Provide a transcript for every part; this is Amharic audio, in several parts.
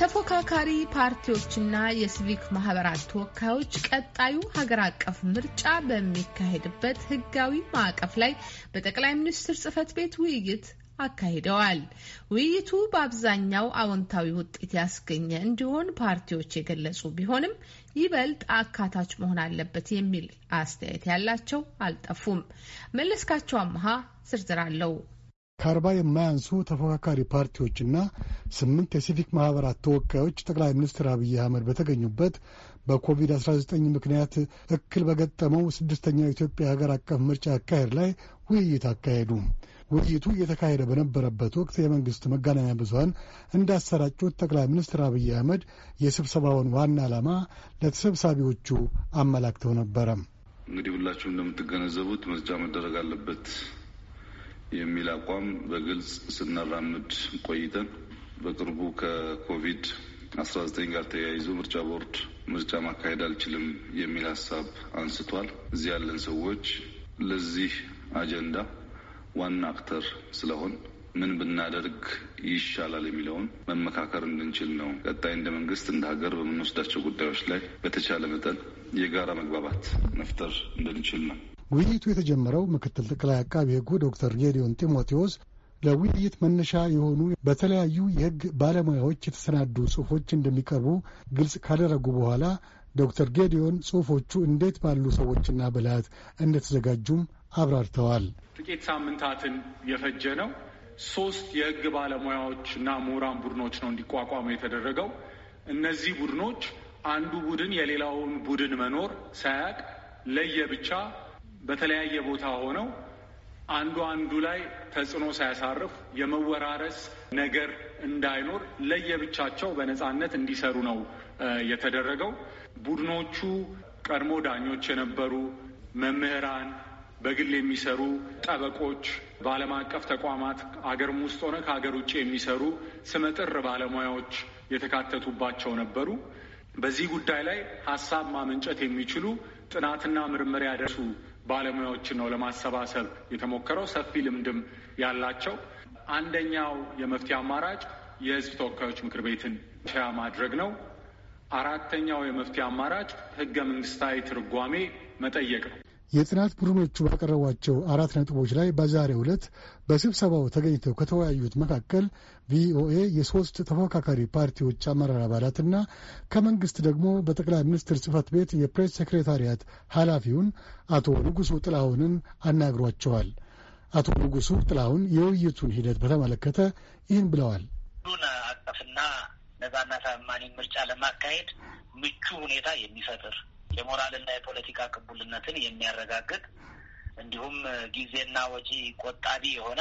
ተፎካካሪ ፓርቲዎችና የሲቪክ ማህበራት ተወካዮች ቀጣዩ ሀገር አቀፍ ምርጫ በሚካሄድበት ሕጋዊ ማዕቀፍ ላይ በጠቅላይ ሚኒስትር ጽህፈት ቤት ውይይት አካሂደዋል። ውይይቱ በአብዛኛው አዎንታዊ ውጤት ያስገኘ እንዲሆን ፓርቲዎች የገለጹ ቢሆንም ይበልጥ አካታች መሆን አለበት የሚል አስተያየት ያላቸው አልጠፉም። መለስካቸው አመሃ ዝርዝር አለው። ከአርባ የማያንሱ ተፎካካሪ ፓርቲዎችና ስምንት የሲቪክ ማህበራት ተወካዮች ጠቅላይ ሚኒስትር አብይ አህመድ በተገኙበት በኮቪድ-19 ምክንያት እክል በገጠመው ስድስተኛው የኢትዮጵያ ሀገር አቀፍ ምርጫ አካሄድ ላይ ውይይት አካሄዱ። ውይይቱ እየተካሄደ በነበረበት ወቅት የመንግስት መገናኛ ብዙሀን እንዳሰራጩት ጠቅላይ ሚኒስትር አብይ አህመድ የስብሰባውን ዋና ዓላማ ለተሰብሳቢዎቹ አመላክተው ነበረ። እንግዲህ ሁላችሁም እንደምትገነዘቡት ምርጫ መደረግ አለበት የሚል አቋም በግልጽ ስናራምድ ቆይተን በቅርቡ ከኮቪድ 19 ጋር ተያይዞ ምርጫ ቦርድ ምርጫ ማካሄድ አልችልም የሚል ሀሳብ አንስቷል። እዚህ ያለን ሰዎች ለዚህ አጀንዳ ዋና አክተር ስለሆን ምን ብናደርግ ይሻላል የሚለውን መመካከር እንድንችል ነው። ቀጣይ እንደ መንግስት እንደ ሀገር በምንወስዳቸው ጉዳዮች ላይ በተቻለ መጠን የጋራ መግባባት መፍጠር እንድንችል ነው። ውይይቱ የተጀመረው ምክትል ጠቅላይ አቃቢ ህጉ ዶክተር ጌዲዮን ጢሞቴዎስ ለውይይት መነሻ የሆኑ በተለያዩ የህግ ባለሙያዎች የተሰናዱ ጽሁፎች እንደሚቀርቡ ግልጽ ካደረጉ በኋላ ዶክተር ጌዲዮን ጽሁፎቹ እንዴት ባሉ ሰዎችና ብልሃት እንደተዘጋጁም አብራርተዋል። ጥቂት ሳምንታትን የፈጀ ነው። ሶስት የህግ ባለሙያዎች እና ምሁራን ቡድኖች ነው እንዲቋቋሙ የተደረገው። እነዚህ ቡድኖች አንዱ ቡድን የሌላውን ቡድን መኖር ሳያቅ ለየብቻ በተለያየ ቦታ ሆነው አንዱ አንዱ ላይ ተጽዕኖ ሳያሳርፍ የመወራረስ ነገር እንዳይኖር ለየብቻቸው በነፃነት እንዲሰሩ ነው የተደረገው። ቡድኖቹ ቀድሞ ዳኞች የነበሩ መምህራን በግል የሚሰሩ ጠበቆች፣ በዓለም አቀፍ ተቋማት አገርም ውስጥ ሆነ ከሀገር ውጭ የሚሰሩ ስመጥር ባለሙያዎች የተካተቱባቸው ነበሩ። በዚህ ጉዳይ ላይ ሀሳብ ማመንጨት የሚችሉ ጥናትና ምርምር ያደርሱ ባለሙያዎችን ነው ለማሰባሰብ የተሞከረው። ሰፊ ልምድም ያላቸው አንደኛው የመፍትሄ አማራጭ የህዝብ ተወካዮች ምክር ቤትን ሻያ ማድረግ ነው። አራተኛው የመፍትሄ አማራጭ ህገ መንግስታዊ ትርጓሜ መጠየቅ ነው። የጥናት ቡድኖቹ ባቀረቧቸው አራት ነጥቦች ላይ በዛሬው ዕለት በስብሰባው ተገኝተው ከተወያዩት መካከል ቪኦኤ የሶስት ተፎካካሪ ፓርቲዎች አመራር አባላትና ከመንግስት ደግሞ በጠቅላይ ሚኒስትር ጽህፈት ቤት የፕሬስ ሴክሬታሪያት ኃላፊውን አቶ ንጉሱ ጥላሁንን አናግሯቸዋል። አቶ ንጉሱ ጥላሁን የውይይቱን ሂደት በተመለከተ ይህን ብለዋል። ሁሉን አቀፍና ነጻና ታማኒ ምርጫ ለማካሄድ ምቹ ሁኔታ የሚፈጥር የሞራልና የፖለቲካ ቅቡልነትን የሚያረጋግጥ እንዲሁም ጊዜና ወጪ ቆጣቢ የሆነ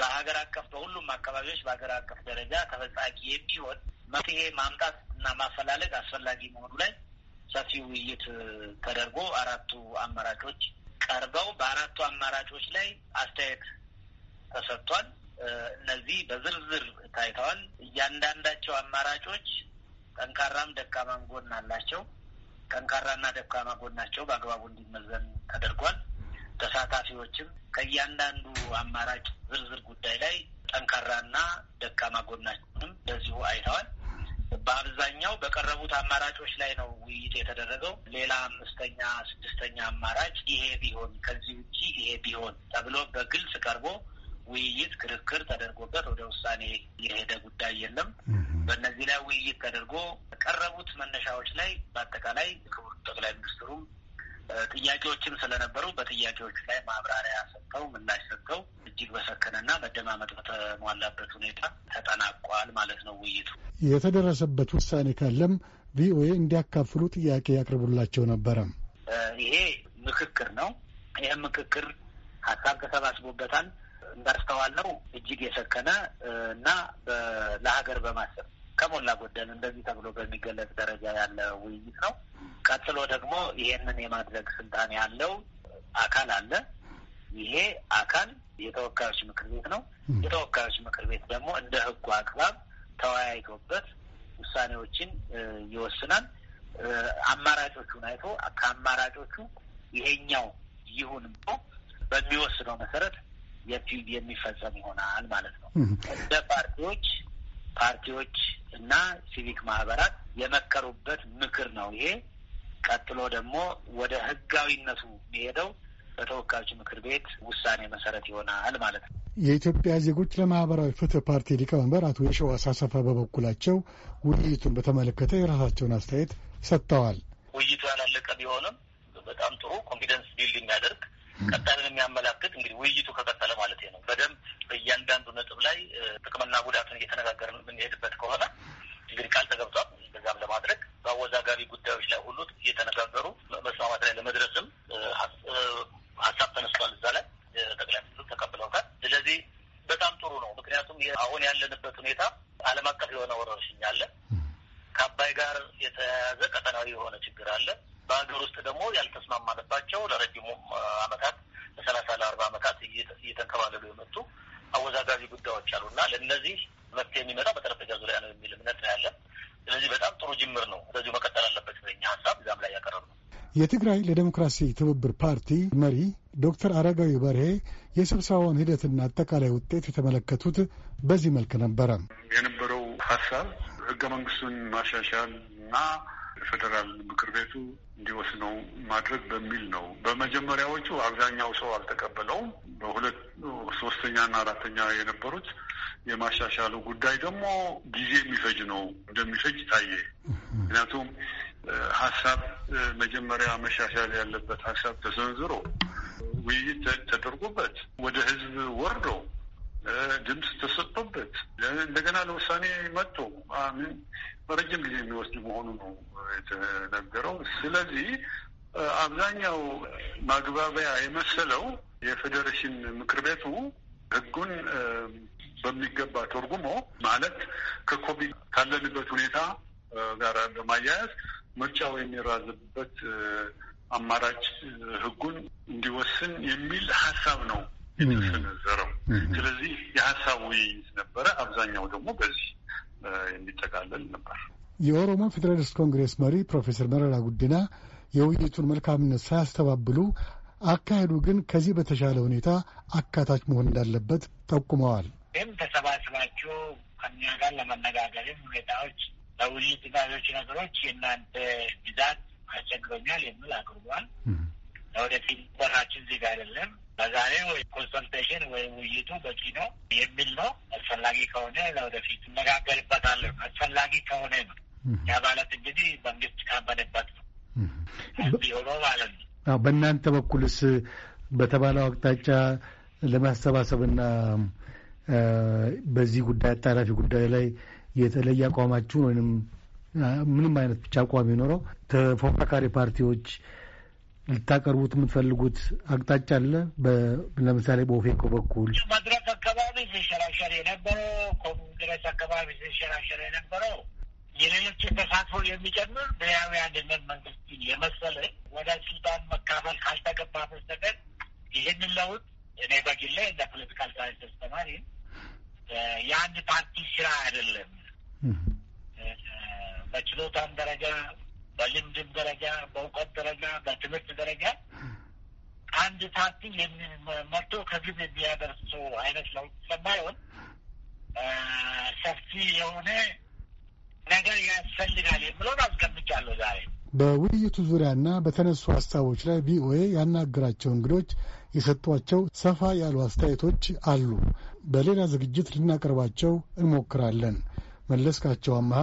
በሀገር አቀፍ በሁሉም አካባቢዎች በሀገር አቀፍ ደረጃ ተፈጻሚ የሚሆን መፍትሄ ማምጣት እና ማፈላለግ አስፈላጊ መሆኑ ላይ ሰፊ ውይይት ተደርጎ አራቱ አማራጮች ቀርበው በአራቱ አማራጮች ላይ አስተያየት ተሰጥቷል። እነዚህ በዝርዝር ታይተዋል። እያንዳንዳቸው አማራጮች ጠንካራም ደካማም ጎን አላቸው። ጠንካራና ደካማ ጎናቸው በአግባቡ እንዲመዘን ተደርጓል። ተሳታፊዎችም ከእያንዳንዱ አማራጭ ዝርዝር ጉዳይ ላይ ጠንካራና ደካማ ጎናቸውንም በዚሁ አይተዋል። በአብዛኛው በቀረቡት አማራጮች ላይ ነው ውይይት የተደረገው። ሌላ አምስተኛ ስድስተኛ አማራጭ ይሄ ቢሆን ከዚህ ውጭ ይሄ ቢሆን ተብሎ በግልጽ ቀርቦ ውይይት ክርክር ተደርጎበት ወደ ውሳኔ የሄደ ጉዳይ የለም። በእነዚህ ላይ ውይይት ተደርጎ ቀረቡት መነሻዎች ላይ በአጠቃላይ ክቡር ጠቅላይ ሚኒስትሩም ጥያቄዎችም ስለነበሩ በጥያቄዎቹ ላይ ማብራሪያ ሰጥተው ምላሽ ሰጥተው እጅግ በሰከነና መደማመጥ በተሟላበት ሁኔታ ተጠናቋል ማለት ነው። ውይይቱ የተደረሰበት ውሳኔ ካለም ቪኦኤ እንዲያካፍሉ ጥያቄ ያቅርቡላቸው ነበረ። ይሄ ምክክር ነው። ይህም ምክክር ሀሳብ ተሰባስቦበታል። እንዳስተዋለው እጅግ የሰከነ እና ለሀገር በማሰብ ከሞላ ጎደል እንደዚህ ተብሎ በሚገለጽ ደረጃ ያለ ውይይት ነው። ቀጥሎ ደግሞ ይሄንን የማድረግ ስልጣን ያለው አካል አለ። ይሄ አካል የተወካዮች ምክር ቤት ነው። የተወካዮች ምክር ቤት ደግሞ እንደ ህጉ አግባብ ተወያይቶበት ውሳኔዎችን ይወስናል። አማራጮቹን አይቶ ከአማራጮቹ ይሄኛው ይሁን ብሎ በሚወስነው መሰረት የፊል የሚፈጸም ይሆናል ማለት ነው። እንደ ፓርቲዎች ፓርቲዎች እና ሲቪክ ማህበራት የመከሩበት ምክር ነው ይሄ። ቀጥሎ ደግሞ ወደ ህጋዊነቱ የሄደው በተወካዮች ምክር ቤት ውሳኔ መሰረት ይሆናል ማለት ነው። የኢትዮጵያ ዜጎች ለማህበራዊ ፍትህ ፓርቲ ሊቀመንበር አቶ የሸዋስ አሰፋ በበኩላቸው ውይይቱን በተመለከተ የራሳቸውን አስተያየት ሰጥተዋል። ውይይቱ ያላለቀ ቢሆንም በጣም ጥሩ ኮንፊደንስ ቢልድ የሚያደርግ ቀጣይ አሁን ያለንበት ሁኔታ ዓለም አቀፍ የሆነ ወረርሽኝ አለ። ከአባይ ጋር የተያያዘ ቀጠናዊ የሆነ ችግር አለ። በሀገር ውስጥ ደግሞ ያልተስማማንባቸው ለረጅሙም አመታት ለሰላሳ ለአርባ ዓመታት እየተንከባለሉ የመጡ አወዛጋቢ ጉዳዮች አሉ እና ለእነዚህ መፍትሄ የሚመጣ በጠረጴዛ ዙሪያ ነው የሚል እምነት ነው ያለን። ስለዚህ በጣም ጥሩ ጅምር ነው። እንደዚሁ መቀጠል አለበት። በኛ ሀሳብ እዛም ላይ ያቀረብ ነው። የትግራይ ለዴሞክራሲ ትብብር ፓርቲ መሪ ዶክተር አረጋዊ በርሄ የስብሰባውን ሂደትና አጠቃላይ ውጤት የተመለከቱት በዚህ መልክ ነበረ። የነበረው ሀሳብ ህገ መንግስቱን ማሻሻል እና ፌዴራል ምክር ቤቱ እንዲወስነው ማድረግ በሚል ነው። በመጀመሪያዎቹ አብዛኛው ሰው አልተቀበለውም። በሁለት ሶስተኛና አራተኛ የነበሩት የማሻሻሉ ጉዳይ ደግሞ ጊዜ የሚፈጅ ነው እንደሚፈጅ ታየ። ምክንያቱም ሀሳብ መጀመሪያ መሻሻል ያለበት ሀሳብ ተሰንዝሮ ውይይት ተደርጎበት ወደ ህዝብ ወርዶ ድምፅ ተሰጥቶበት እንደገና ለውሳኔ መጥቶ ምን በረጅም ጊዜ የሚወስድ መሆኑ ነው የተነገረው። ስለዚህ አብዛኛው ማግባቢያ የመሰለው የፌዴሬሽን ምክር ቤቱ ህጉን በሚገባ ተርጉሞ ማለት ከኮቪድ ካለንበት ሁኔታ ጋር በማያያዝ ምርጫው የሚራዝበት አማራጭ ህጉን እንዲወስን የሚል ሀሳብ ነው የተሰነዘረው። ስለዚህ የሀሳብ ውይይት ነበረ። አብዛኛው ደግሞ በዚህ የሚጠቃለል ነበር። የኦሮሞ ፌዴራሊስት ኮንግሬስ መሪ ፕሮፌሰር መረራ ጉዲና የውይይቱን መልካምነት ሳያስተባብሉ አካሄዱ ግን ከዚህ በተሻለ ሁኔታ አካታች መሆን እንዳለበት ጠቁመዋል። ይህም ተሰባስባችሁ ከኛ ጋር ለመነጋገርም ሁኔታዎች ለውይይት እና ነገሮች የእናንተ ብዛት አስቸግሮኛል የሚል አቅርቧል። ለወደፊት በራችን ዜጋ አይደለም በዛሬ ወይ ኮንሰልቴሽን ወይ ውይይቱ በቂ ነው የሚል ነው። አስፈላጊ ከሆነ ለወደፊት እነጋገርበታለን። አስፈላጊ ከሆነ ነው። ያ ማለት እንግዲህ መንግስት ካመነበት ነው ሆኖ ማለት ነው። በእናንተ በኩልስ በተባለው አቅጣጫ ለማሰባሰብና በዚህ ጉዳይ አጣራፊ ጉዳይ ላይ የተለየ አቋማችሁን ወይም ምንም አይነት ብቻ አቋም የኖረው ተፎካካሪ ፓርቲዎች ልታቀርቡት የምትፈልጉት አቅጣጫ አለ? ለምሳሌ በኦፌኮ በኩል መድረክ አካባቢ ሲሸራሸር የነበረው ኮንግረስ አካባቢ ሲሸራሸር የነበረው የሌሎች ተሳትፎ የሚጨምር ብሔራዊ አንድነት መንግስት የመሰለ ወደ ስልጣን መካፈል ካልተገባ በስተቀር ይህንን ለውጥ እኔ በግሌ እንደ ፖለቲካል ሳይንስ ተማሪ የአንድ ፓርቲ ስራ አይደለም። በችሎታም ደረጃ በልምድም ደረጃ በእውቀት ደረጃ በትምህርት ደረጃ አንድ ፓርቲ መርቶ ከግብ የሚያደርሱ አይነት ለውጥ ስለማይሆን ሰፊ የሆነ ነገር ያስፈልጋል የምለውን አስገምቻለሁ። ዛሬ በውይይቱ ዙሪያና በተነሱ ሀሳቦች ላይ ቪኦኤ ያናገራቸው እንግዶች የሰጧቸው ሰፋ ያሉ አስተያየቶች አሉ። በሌላ ዝግጅት ልናቀርባቸው እንሞክራለን። መለስካቸው አመሃ